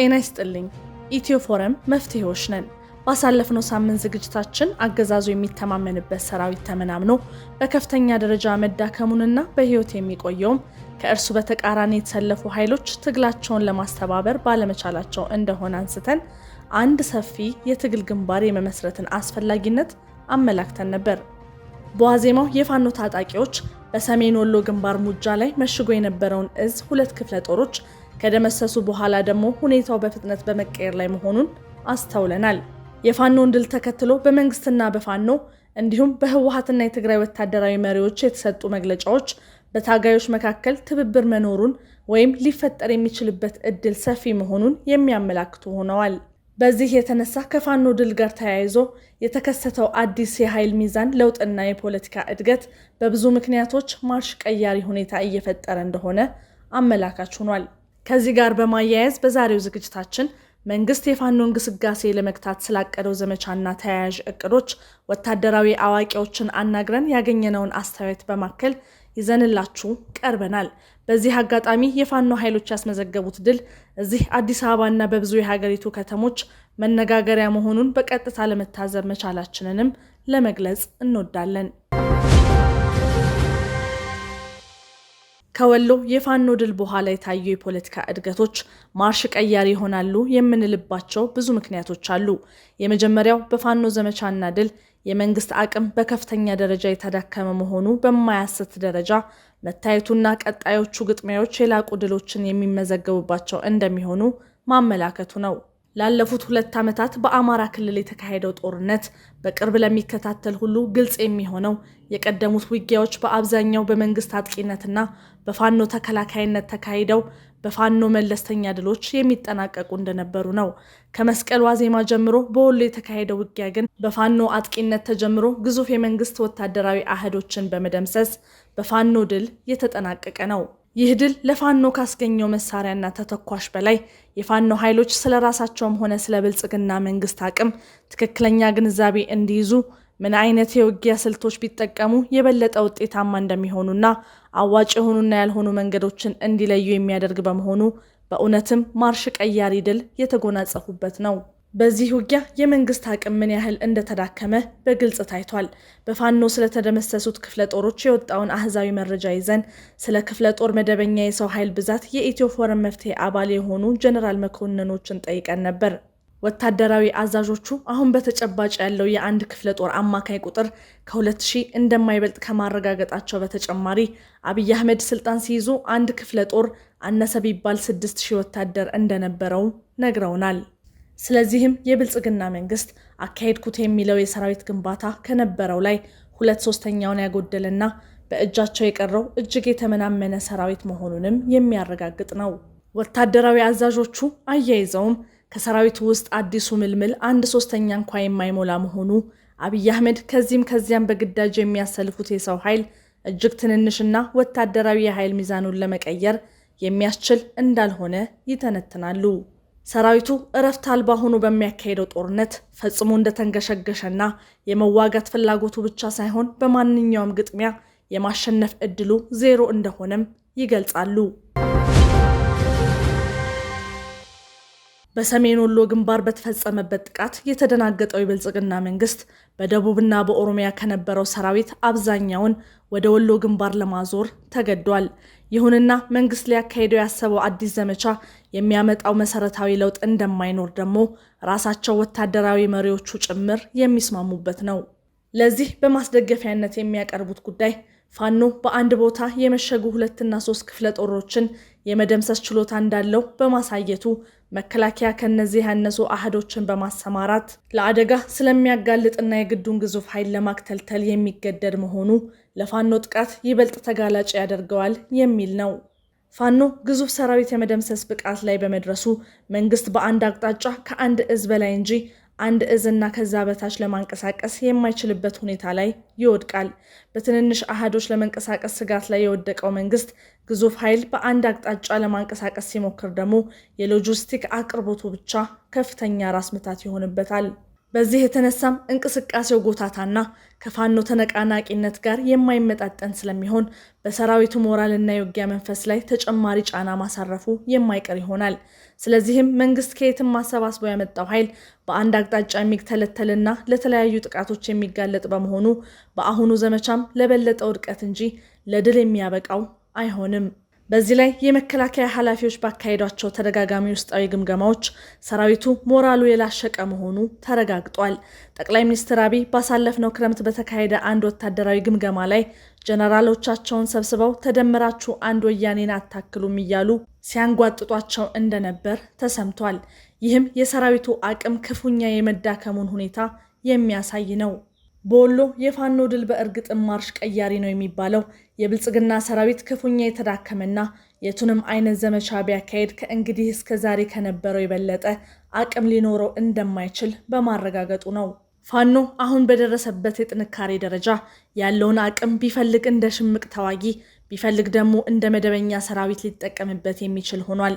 ጤና ይስጥልኝ። ኢትዮ ፎረም መፍትሄዎች ነን። ባሳለፍነው ሳምንት ዝግጅታችን አገዛዙ የሚተማመንበት ሰራዊት ተመናምኖ በከፍተኛ ደረጃ መዳከሙንና በሕይወት የሚቆየውም ከእርሱ በተቃራኒ የተሰለፉ ኃይሎች ትግላቸውን ለማስተባበር ባለመቻላቸው እንደሆነ አንስተን አንድ ሰፊ የትግል ግንባር የመመስረትን አስፈላጊነት አመላክተን ነበር። በዋዜማው የፋኖ ታጣቂዎች በሰሜን ወሎ ግንባር ሙጃ ላይ መሽጎ የነበረውን እዝ ሁለት ክፍለ ጦሮች ከደመሰሱ በኋላ ደግሞ ሁኔታው በፍጥነት በመቀየር ላይ መሆኑን አስተውለናል። የፋኖን ድል ተከትሎ በመንግስትና በፋኖ እንዲሁም በህወሀትና የትግራይ ወታደራዊ መሪዎች የተሰጡ መግለጫዎች በታጋዮች መካከል ትብብር መኖሩን ወይም ሊፈጠር የሚችልበት እድል ሰፊ መሆኑን የሚያመላክቱ ሆነዋል። በዚህ የተነሳ ከፋኖ ድል ጋር ተያይዞ የተከሰተው አዲስ የኃይል ሚዛን ለውጥና የፖለቲካ እድገት በብዙ ምክንያቶች ማርሽ ቀያሪ ሁኔታ እየፈጠረ እንደሆነ አመላካች ሆኗል። ከዚህ ጋር በማያያዝ በዛሬው ዝግጅታችን መንግስት የፋኖን ግስጋሴ ለመግታት ስላቀደው ዘመቻና ተያያዥ እቅዶች ወታደራዊ አዋቂዎችን አናግረን ያገኘነውን አስተያየት በማከል ይዘንላችሁ ቀርበናል። በዚህ አጋጣሚ የፋኖ ኃይሎች ያስመዘገቡት ድል እዚህ አዲስ አበባና በብዙ የሀገሪቱ ከተሞች መነጋገሪያ መሆኑን በቀጥታ ለመታዘብ መቻላችንንም ለመግለጽ እንወዳለን። ከወሎ የፋኖ ድል በኋላ የታዩ የፖለቲካ እድገቶች ማርሽ ቀያሪ ይሆናሉ የምንልባቸው ብዙ ምክንያቶች አሉ። የመጀመሪያው በፋኖ ዘመቻና ድል የመንግስት አቅም በከፍተኛ ደረጃ የተዳከመ መሆኑ በማያሰት ደረጃ መታየቱና ቀጣዮቹ ግጥሚያዎች የላቁ ድሎችን የሚመዘገቡባቸው እንደሚሆኑ ማመላከቱ ነው። ላለፉት ሁለት ዓመታት በአማራ ክልል የተካሄደው ጦርነት በቅርብ ለሚከታተል ሁሉ ግልጽ የሚሆነው የቀደሙት ውጊያዎች በአብዛኛው በመንግስት አጥቂነትና በፋኖ ተከላካይነት ተካሂደው በፋኖ መለስተኛ ድሎች የሚጠናቀቁ እንደነበሩ ነው። ከመስቀል ዋዜማ ጀምሮ በወሎ የተካሄደው ውጊያ ግን በፋኖ አጥቂነት ተጀምሮ ግዙፍ የመንግስት ወታደራዊ አህዶችን በመደምሰስ በፋኖ ድል የተጠናቀቀ ነው። ይህ ድል ለፋኖ ካስገኘው መሳሪያና ተተኳሽ በላይ የፋኖ ኃይሎች ስለ ራሳቸውም ሆነ ስለ ብልጽግና መንግስት አቅም ትክክለኛ ግንዛቤ እንዲይዙ ምን አይነት የውጊያ ስልቶች ቢጠቀሙ የበለጠ ውጤታማ እንደሚሆኑና አዋጭ የሆኑና ያልሆኑ መንገዶችን እንዲለዩ የሚያደርግ በመሆኑ በእውነትም ማርሽ ቀያሪ ድል የተጎናጸፉበት ነው። በዚህ ውጊያ የመንግስት አቅም ምን ያህል እንደተዳከመ በግልጽ ታይቷል። በፋኖ ስለተደመሰሱት ክፍለ ጦሮች የወጣውን አህዛዊ መረጃ ይዘን ስለ ክፍለ ጦር መደበኛ የሰው ኃይል ብዛት የኢትዮ ፎረም መፍትሄ አባል የሆኑ ጀኔራል መኮንኖችን ጠይቀን ነበር። ወታደራዊ አዛዦቹ አሁን በተጨባጭ ያለው የአንድ ክፍለ ጦር አማካይ ቁጥር ከሁለት ሺህ እንደማይበልጥ ከማረጋገጣቸው በተጨማሪ አብይ አህመድ ስልጣን ሲይዙ አንድ ክፍለ ጦር አነሰ ቢባል ስድስት ወታደር እንደነበረው ነግረውናል። ስለዚህም የብልጽግና መንግስት አካሄድኩት የሚለው የሰራዊት ግንባታ ከነበረው ላይ ሁለት ሶስተኛውን ያጎደለና በእጃቸው የቀረው እጅግ የተመናመነ ሰራዊት መሆኑንም የሚያረጋግጥ ነው። ወታደራዊ አዛዦቹ አያይዘውም ከሰራዊቱ ውስጥ አዲሱ ምልምል አንድ ሶስተኛ እንኳ የማይሞላ መሆኑ አብይ አህመድ ከዚህም ከዚያም በግዳጅ የሚያሰልፉት የሰው ኃይል እጅግ ትንንሽና ወታደራዊ የኃይል ሚዛኑን ለመቀየር የሚያስችል እንዳልሆነ ይተነትናሉ። ሰራዊቱ እረፍት አልባ ሆኖ በሚያካሄደው ጦርነት ፈጽሞ እንደተንገሸገሸና የመዋጋት ፍላጎቱ ብቻ ሳይሆን በማንኛውም ግጥሚያ የማሸነፍ ዕድሉ ዜሮ እንደሆነም ይገልጻሉ። በሰሜን ወሎ ግንባር በተፈጸመበት ጥቃት የተደናገጠው የብልጽግና መንግስት በደቡብና በኦሮሚያ ከነበረው ሰራዊት አብዛኛውን ወደ ወሎ ግንባር ለማዞር ተገዷል። ይሁንና መንግስት ሊያካሄደው ያሰበው አዲስ ዘመቻ የሚያመጣው መሰረታዊ ለውጥ እንደማይኖር ደግሞ ራሳቸው ወታደራዊ መሪዎቹ ጭምር የሚስማሙበት ነው። ለዚህ በማስደገፊያነት የሚያቀርቡት ጉዳይ ፋኖ በአንድ ቦታ የመሸጉ ሁለትና ሶስት ክፍለ ጦሮችን የመደምሰስ ችሎታ እንዳለው በማሳየቱ መከላከያ ከነዚህ ያነሱ አህዶችን በማሰማራት ለአደጋ ስለሚያጋልጥና የግዱን ግዙፍ ኃይል ለማክተልተል የሚገደድ መሆኑ ለፋኖ ጥቃት ይበልጥ ተጋላጭ ያደርገዋል የሚል ነው። ፋኖ ግዙፍ ሰራዊት የመደምሰስ ብቃት ላይ በመድረሱ መንግስት በአንድ አቅጣጫ ከአንድ እዝ በላይ እንጂ አንድ እዝና ከዛ በታች ለማንቀሳቀስ የማይችልበት ሁኔታ ላይ ይወድቃል። በትንንሽ አሃዶች ለመንቀሳቀስ ስጋት ላይ የወደቀው መንግስት ግዙፍ ኃይል በአንድ አቅጣጫ ለማንቀሳቀስ ሲሞክር ደግሞ የሎጂስቲክ አቅርቦቱ ብቻ ከፍተኛ ራስ ምታት ይሆንበታል። በዚህ የተነሳም እንቅስቃሴው ጎታታና ከፋኖ ተነቃናቂነት ጋር የማይመጣጠን ስለሚሆን በሰራዊቱ ሞራልና የውጊያ መንፈስ ላይ ተጨማሪ ጫና ማሳረፉ የማይቀር ይሆናል። ስለዚህም መንግስት ከየትም ማሰባስቦ ያመጣው ኃይል በአንድ አቅጣጫ የሚተለተልና ለተለያዩ ጥቃቶች የሚጋለጥ በመሆኑ በአሁኑ ዘመቻም ለበለጠ ውድቀት እንጂ ለድል የሚያበቃው አይሆንም። በዚህ ላይ የመከላከያ ኃላፊዎች ባካሄዷቸው ተደጋጋሚ ውስጣዊ ግምገማዎች ሰራዊቱ ሞራሉ የላሸቀ መሆኑ ተረጋግጧል። ጠቅላይ ሚኒስትር አብይ ባሳለፍነው ክረምት በተካሄደ አንድ ወታደራዊ ግምገማ ላይ ጀነራሎቻቸውን ሰብስበው ተደምራችሁ አንድ ወያኔን አታክሉም እያሉ ሲያንጓጥጧቸው እንደነበር ተሰምቷል። ይህም የሰራዊቱ አቅም ክፉኛ የመዳከሙን ሁኔታ የሚያሳይ ነው። በወሎ የፋኖ ድል በእርግጥ ማርሽ ቀያሪ ነው የሚባለው የብልጽግና ሰራዊት ክፉኛ የተዳከመና የቱንም አይነት ዘመቻ ቢያካሄድ ከእንግዲህ እስከ ዛሬ ከነበረው የበለጠ አቅም ሊኖረው እንደማይችል በማረጋገጡ ነው። ፋኖ አሁን በደረሰበት የጥንካሬ ደረጃ ያለውን አቅም ቢፈልግ እንደ ሽምቅ ተዋጊ ቢፈልግ ደግሞ እንደ መደበኛ ሰራዊት ሊጠቀምበት የሚችል ሆኗል።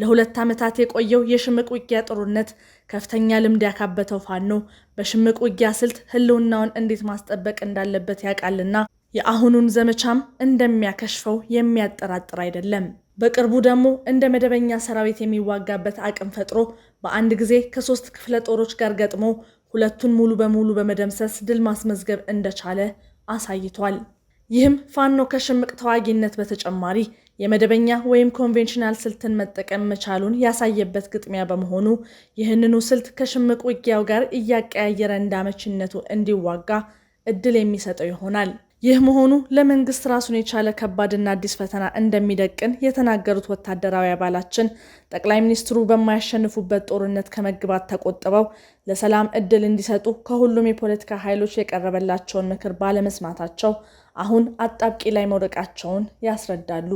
ለሁለት ዓመታት የቆየው የሽምቅ ውጊያ ጥሩነት ከፍተኛ ልምድ ያካበተው ፋኖ በሽምቅ ውጊያ ስልት ህልውናውን እንዴት ማስጠበቅ እንዳለበት ያውቃልና የአሁኑን ዘመቻም እንደሚያከሽፈው የሚያጠራጥር አይደለም። በቅርቡ ደግሞ እንደ መደበኛ ሰራዊት የሚዋጋበት አቅም ፈጥሮ በአንድ ጊዜ ከሶስት ክፍለ ጦሮች ጋር ገጥሞ ሁለቱን ሙሉ በሙሉ በመደምሰስ ድል ማስመዝገብ እንደቻለ አሳይቷል። ይህም ፋኖ ከሽምቅ ተዋጊነት በተጨማሪ የመደበኛ ወይም ኮንቬንሽናል ስልትን መጠቀም መቻሉን ያሳየበት ግጥሚያ በመሆኑ ይህንኑ ስልት ከሽምቅ ውጊያው ጋር እያቀያየረ እንዳመችነቱ እንዲዋጋ እድል የሚሰጠው ይሆናል። ይህ መሆኑ ለመንግስት ራሱን የቻለ ከባድና አዲስ ፈተና እንደሚደቅን የተናገሩት ወታደራዊ አባላችን ጠቅላይ ሚኒስትሩ በማያሸንፉበት ጦርነት ከመግባት ተቆጥበው ለሰላም እድል እንዲሰጡ ከሁሉም የፖለቲካ ኃይሎች የቀረበላቸውን ምክር ባለመስማታቸው አሁን አጣብቂ ላይ መውደቃቸውን ያስረዳሉ።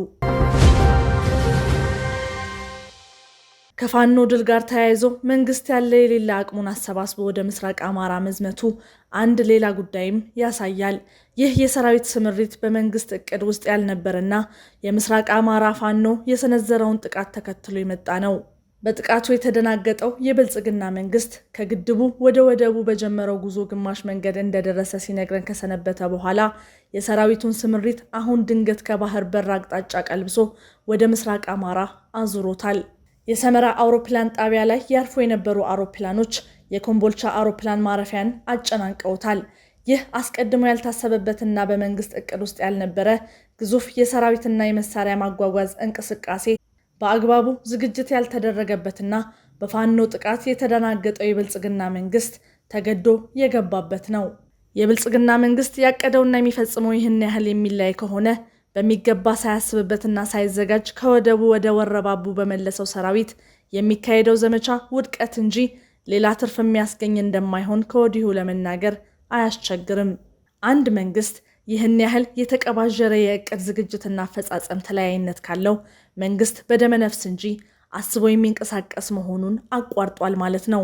ከፋኖ ድል ጋር ተያይዞ መንግስት ያለ የሌላ አቅሙን አሰባስቦ ወደ ምስራቅ አማራ መዝመቱ አንድ ሌላ ጉዳይም ያሳያል። ይህ የሰራዊት ስምሪት በመንግስት እቅድ ውስጥ ያልነበረና የምስራቅ አማራ ፋኖ የሰነዘረውን ጥቃት ተከትሎ የመጣ ነው። በጥቃቱ የተደናገጠው የብልጽግና መንግስት ከግድቡ ወደ ወደቡ በጀመረው ጉዞ ግማሽ መንገድ እንደደረሰ ሲነግረን ከሰነበተ በኋላ የሰራዊቱን ስምሪት አሁን ድንገት ከባህር በር አቅጣጫ ቀልብሶ ወደ ምስራቅ አማራ አዙሮታል። የሰመራ አውሮፕላን ጣቢያ ላይ ያርፎ የነበሩ አውሮፕላኖች የኮምቦልቻ አውሮፕላን ማረፊያን አጨናንቀውታል። ይህ አስቀድሞ ያልታሰበበትና በመንግስት እቅድ ውስጥ ያልነበረ ግዙፍ የሰራዊትና የመሳሪያ ማጓጓዝ እንቅስቃሴ በአግባቡ ዝግጅት ያልተደረገበትና በፋኖ ጥቃት የተደናገጠው የብልጽግና መንግስት ተገዶ የገባበት ነው። የብልጽግና መንግስት ያቀደውና የሚፈጽመው ይህን ያህል የሚለያይ ከሆነ በሚገባ ሳያስብበትና ሳይዘጋጅ ከወደቡ ወደ ወረባቡ በመለሰው ሰራዊት የሚካሄደው ዘመቻ ውድቀት እንጂ ሌላ ትርፍ የሚያስገኝ እንደማይሆን ከወዲሁ ለመናገር አያስቸግርም። አንድ መንግስት ይህን ያህል የተቀባዠረ የእቅድ ዝግጅትና አፈጻጸም ተለያይነት ካለው መንግስት በደመነፍስ እንጂ አስቦ የሚንቀሳቀስ መሆኑን አቋርጧል ማለት ነው።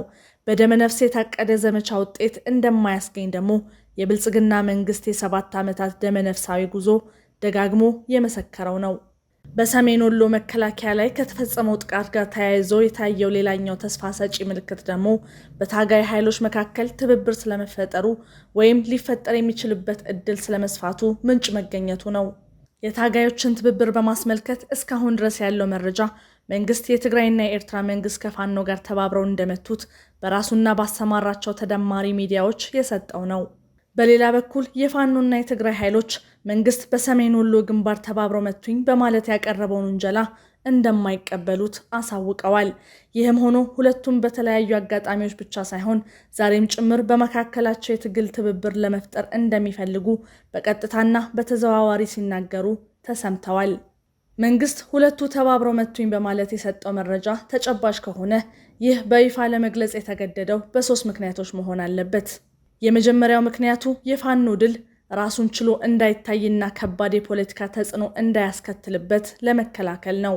በደመነፍስ የታቀደ ዘመቻ ውጤት እንደማያስገኝ ደግሞ የብልጽግና መንግስት የሰባት ዓመታት ደመነፍሳዊ ጉዞ ደጋግሞ የመሰከረው ነው። በሰሜን ወሎ መከላከያ ላይ ከተፈጸመው ጥቃት ጋር ተያይዞ የታየው ሌላኛው ተስፋ ሰጪ ምልክት ደግሞ በታጋይ ኃይሎች መካከል ትብብር ስለመፈጠሩ ወይም ሊፈጠር የሚችልበት እድል ስለመስፋቱ ምንጭ መገኘቱ ነው። የታጋዮችን ትብብር በማስመልከት እስካሁን ድረስ ያለው መረጃ መንግስት የትግራይና የኤርትራ መንግስት ከፋኖ ጋር ተባብረው እንደመቱት በራሱና ባሰማራቸው ተደማሪ ሚዲያዎች የሰጠው ነው። በሌላ በኩል የፋኖና የትግራይ ኃይሎች መንግስት በሰሜን ወሎ ግንባር ተባብረው መቱኝ በማለት ያቀረበውን ውንጀላ እንደማይቀበሉት አሳውቀዋል። ይህም ሆኖ ሁለቱም በተለያዩ አጋጣሚዎች ብቻ ሳይሆን ዛሬም ጭምር በመካከላቸው የትግል ትብብር ለመፍጠር እንደሚፈልጉ በቀጥታና በተዘዋዋሪ ሲናገሩ ተሰምተዋል። መንግስት ሁለቱ ተባብረው መቱኝ በማለት የሰጠው መረጃ ተጨባጭ ከሆነ ይህ በይፋ ለመግለጽ የተገደደው በሶስት ምክንያቶች መሆን አለበት። የመጀመሪያው ምክንያቱ የፋኖ ድል ራሱን ችሎ እንዳይታይና ከባድ የፖለቲካ ተጽዕኖ እንዳያስከትልበት ለመከላከል ነው።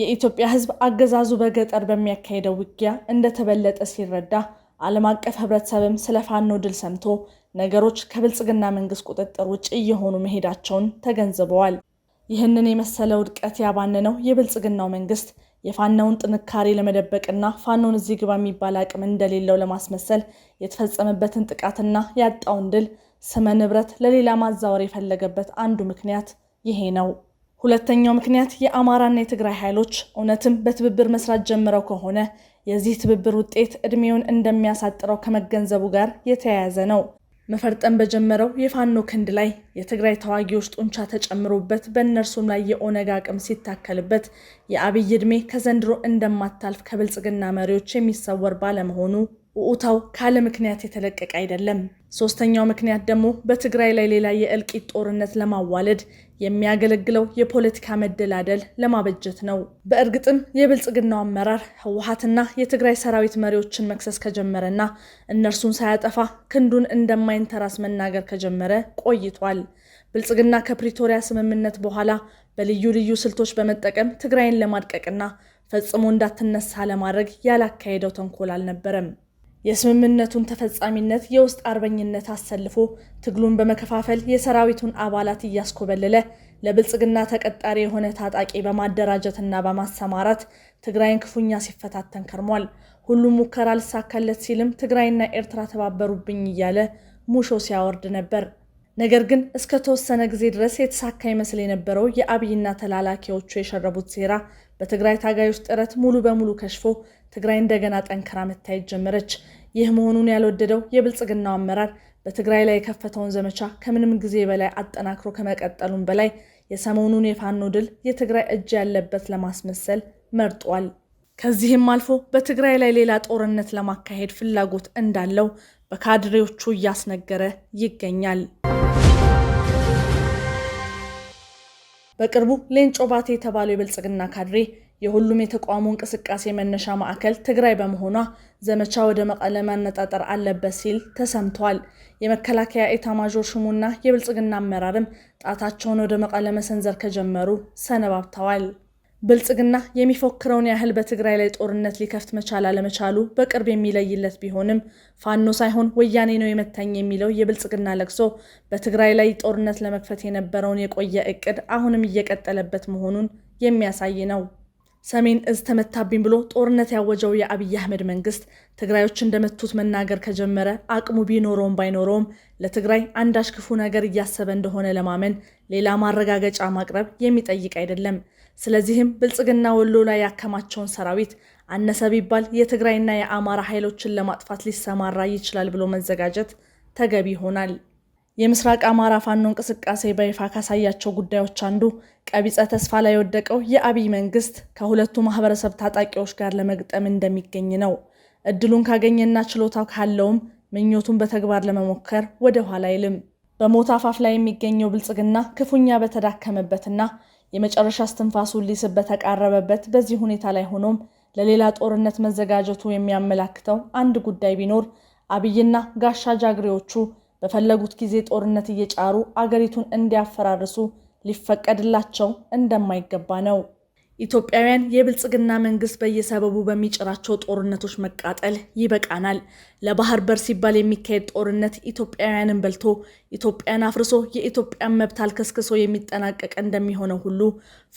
የኢትዮጵያ ሕዝብ አገዛዙ በገጠር በሚያካሄደው ውጊያ እንደተበለጠ ሲረዳ ዓለም አቀፍ ሕብረተሰብም ስለ ፋኖ ድል ሰምቶ ነገሮች ከብልጽግና መንግስት ቁጥጥር ውጭ እየሆኑ መሄዳቸውን ተገንዝበዋል። ይህንን የመሰለ ውድቀት ያባነነው የብልጽግናው መንግስት የፋናውን ጥንካሬ ለመደበቅና ፋኖን እዚህ ግባ የሚባል አቅም እንደሌለው ለማስመሰል የተፈጸመበትን ጥቃትና ያጣውን ድል ስመ ንብረት ለሌላ ማዛወር የፈለገበት አንዱ ምክንያት ይሄ ነው። ሁለተኛው ምክንያት የአማራና የትግራይ ኃይሎች እውነትም በትብብር መስራት ጀምረው ከሆነ የዚህ ትብብር ውጤት እድሜውን እንደሚያሳጥረው ከመገንዘቡ ጋር የተያያዘ ነው። መፈርጠን በጀመረው የፋኖ ክንድ ላይ የትግራይ ተዋጊዎች ጡንቻ ተጨምሮበት በእነርሱም ላይ የኦነግ አቅም ሲታከልበት የአብይ ዕድሜ ከዘንድሮ እንደማታልፍ ከብልጽግና መሪዎች የሚሰወር ባለመሆኑ ውዑታው ካለ ምክንያት የተለቀቀ አይደለም። ሶስተኛው ምክንያት ደግሞ በትግራይ ላይ ሌላ የእልቂት ጦርነት ለማዋለድ የሚያገለግለው የፖለቲካ መደላደል ለማበጀት ነው። በእርግጥም የብልጽግናው አመራር ህወሀትና የትግራይ ሰራዊት መሪዎችን መክሰስ ከጀመረና እነርሱን ሳያጠፋ ክንዱን እንደማይንተራስ መናገር ከጀመረ ቆይቷል። ብልጽግና ከፕሪቶሪያ ስምምነት በኋላ በልዩ ልዩ ስልቶች በመጠቀም ትግራይን ለማድቀቅና ፈጽሞ እንዳትነሳ ለማድረግ ያላካሄደው ተንኮል አልነበረም። የስምምነቱን ተፈጻሚነት የውስጥ አርበኝነት አሰልፎ ትግሉን በመከፋፈል የሰራዊቱን አባላት እያስኮበለለ ለብልጽግና ተቀጣሪ የሆነ ታጣቂ በማደራጀትና በማሰማራት ትግራይን ክፉኛ ሲፈታተን ከርሟል። ሁሉም ሙከራ አልሳካለት ሲልም ትግራይና ኤርትራ ተባበሩብኝ እያለ ሙሾ ሲያወርድ ነበር። ነገር ግን እስከ ተወሰነ ጊዜ ድረስ የተሳካ ይመስል የነበረው የአብይና ተላላኪዎቹ የሸረቡት ሴራ በትግራይ ታጋዮች ጥረት ሙሉ በሙሉ ከሽፎ ትግራይ እንደገና ጠንክራ መታየት ጀመረች። ይህ መሆኑን ያልወደደው የብልጽግናው አመራር በትግራይ ላይ የከፈተውን ዘመቻ ከምንም ጊዜ በላይ አጠናክሮ ከመቀጠሉም በላይ የሰሞኑን የፋኖ ድል የትግራይ እጅ ያለበት ለማስመሰል መርጧል። ከዚህም አልፎ በትግራይ ላይ ሌላ ጦርነት ለማካሄድ ፍላጎት እንዳለው በካድሬዎቹ እያስነገረ ይገኛል። በቅርቡ ሌንጮ ባቴ የተባለው የብልጽግና ካድሬ የሁሉም የተቋሙ እንቅስቃሴ መነሻ ማዕከል ትግራይ በመሆኗ ዘመቻ ወደ መቀለ መነጣጠር አለበት ሲል ተሰምቷል። የመከላከያ ኤታማዦር ሹሙና የብልጽግና አመራርም ጣታቸውን ወደ መቀለ መሰንዘር ከጀመሩ ሰነባብተዋል። ብልጽግና የሚፎክረውን ያህል በትግራይ ላይ ጦርነት ሊከፍት መቻል አለመቻሉ በቅርብ የሚለይለት ቢሆንም ፋኖ ሳይሆን ወያኔ ነው የመታኝ የሚለው የብልጽግና ለቅሶ በትግራይ ላይ ጦርነት ለመክፈት የነበረውን የቆየ እቅድ አሁንም እየቀጠለበት መሆኑን የሚያሳይ ነው። ሰሜን እዝ ተመታብኝ ብሎ ጦርነት ያወጀው የአብይ አህመድ መንግስት ትግራዮች እንደመቱት መናገር ከጀመረ አቅሙ ቢኖረውም ባይኖረውም ለትግራይ አንዳች ክፉ ነገር እያሰበ እንደሆነ ለማመን ሌላ ማረጋገጫ ማቅረብ የሚጠይቅ አይደለም። ስለዚህም ብልጽግና ወሎ ላይ ያከማቸውን ሰራዊት አነሰ ቢባል የትግራይና የአማራ ኃይሎችን ለማጥፋት ሊሰማራ ይችላል ብሎ መዘጋጀት ተገቢ ይሆናል። የምስራቅ አማራ ፋኖ እንቅስቃሴ በይፋ ካሳያቸው ጉዳዮች አንዱ ቀቢጸ ተስፋ ላይ የወደቀው የአብይ መንግስት ከሁለቱ ማህበረሰብ ታጣቂዎች ጋር ለመግጠም እንደሚገኝ ነው። እድሉን ካገኘና ችሎታው ካለውም ምኞቱን በተግባር ለመሞከር ወደ ኋላ አይልም። በሞት አፋፍ ላይ የሚገኘው ብልጽግና ክፉኛ በተዳከመበትና የመጨረሻ እስትንፋሱን ሊስብ በተቃረበበት በዚህ ሁኔታ ላይ ሆኖም ለሌላ ጦርነት መዘጋጀቱ የሚያመላክተው አንድ ጉዳይ ቢኖር አብይና ጋሻ ጃግሬዎቹ በፈለጉት ጊዜ ጦርነት እየጫሩ አገሪቱን እንዲያፈራርሱ ሊፈቀድላቸው እንደማይገባ ነው። ኢትዮጵያውያን የብልጽግና መንግስት በየሰበቡ በሚጭራቸው ጦርነቶች መቃጠል ይበቃናል። ለባህር በር ሲባል የሚካሄድ ጦርነት ኢትዮጵያውያንን በልቶ ኢትዮጵያን አፍርሶ የኢትዮጵያን መብት አልከስክሶ የሚጠናቀቅ እንደሚሆነው ሁሉ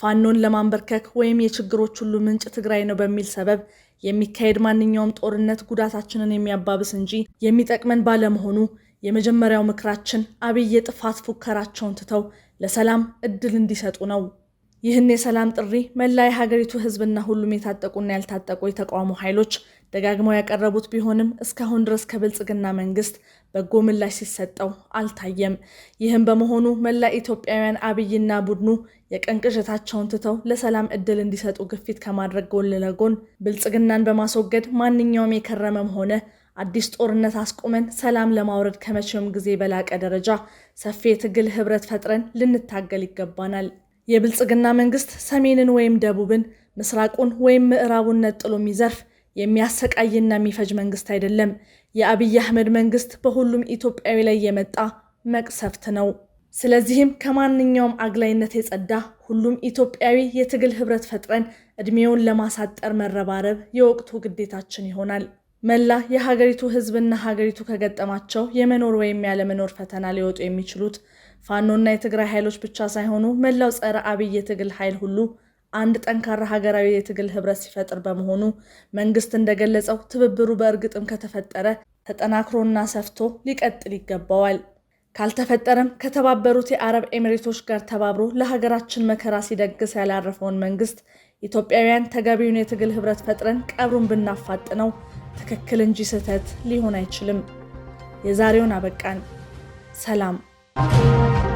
ፋኖን ለማንበርከክ ወይም የችግሮች ሁሉ ምንጭ ትግራይ ነው በሚል ሰበብ የሚካሄድ ማንኛውም ጦርነት ጉዳታችንን የሚያባብስ እንጂ የሚጠቅመን ባለመሆኑ የመጀመሪያው ምክራችን አብይ የጥፋት ፉከራቸውን ትተው ለሰላም እድል እንዲሰጡ ነው። ይህን የሰላም ጥሪ መላ የሀገሪቱ ህዝብና ሁሉም የታጠቁና ያልታጠቁ የተቃውሞ ኃይሎች ደጋግመው ያቀረቡት ቢሆንም እስካሁን ድረስ ከብልጽግና መንግስት በጎ ምላሽ ሲሰጠው አልታየም። ይህም በመሆኑ መላ ኢትዮጵያውያን አብይና ቡድኑ የቀን ቅዠታቸውን ትተው ለሰላም እድል እንዲሰጡ ግፊት ከማድረግ ጎን ለጎን ብልጽግናን በማስወገድ ማንኛውም የከረመም ሆነ አዲስ ጦርነት አስቁመን ሰላም ለማውረድ ከመቼውም ጊዜ በላቀ ደረጃ ሰፊ የትግል ህብረት ፈጥረን ልንታገል ይገባናል። የብልጽግና መንግስት ሰሜንን ወይም ደቡብን ምስራቁን ወይም ምዕራቡን ነጥሎ የሚዘርፍ የሚያሰቃይና የሚፈጅ መንግስት አይደለም። የአብይ አህመድ መንግስት በሁሉም ኢትዮጵያዊ ላይ የመጣ መቅሰፍት ነው። ስለዚህም ከማንኛውም አግላይነት የጸዳ ሁሉም ኢትዮጵያዊ የትግል ህብረት ፈጥረን እድሜውን ለማሳጠር መረባረብ የወቅቱ ግዴታችን ይሆናል። መላ የሀገሪቱ ህዝብና ሀገሪቱ ከገጠማቸው የመኖር ወይም ያለመኖር ፈተና ሊወጡ የሚችሉት ፋኖና የትግራይ ኃይሎች ብቻ ሳይሆኑ መላው ጸረ አብይ የትግል ኃይል ሁሉ አንድ ጠንካራ ሀገራዊ የትግል ህብረት ሲፈጥር በመሆኑ መንግስት እንደገለጸው ትብብሩ በእርግጥም ከተፈጠረ ተጠናክሮና ሰፍቶ ሊቀጥል ይገባዋል። ካልተፈጠረም ከተባበሩት የአረብ ኤሚሬቶች ጋር ተባብሮ ለሀገራችን መከራ ሲደግስ ያላረፈውን መንግስት ኢትዮጵያውያን ተገቢውን የትግል ህብረት ፈጥረን ቀብሩን ብናፋጥነው ትክክል እንጂ ስህተት ሊሆን አይችልም። የዛሬውን አበቃን። ሰላም Thank you.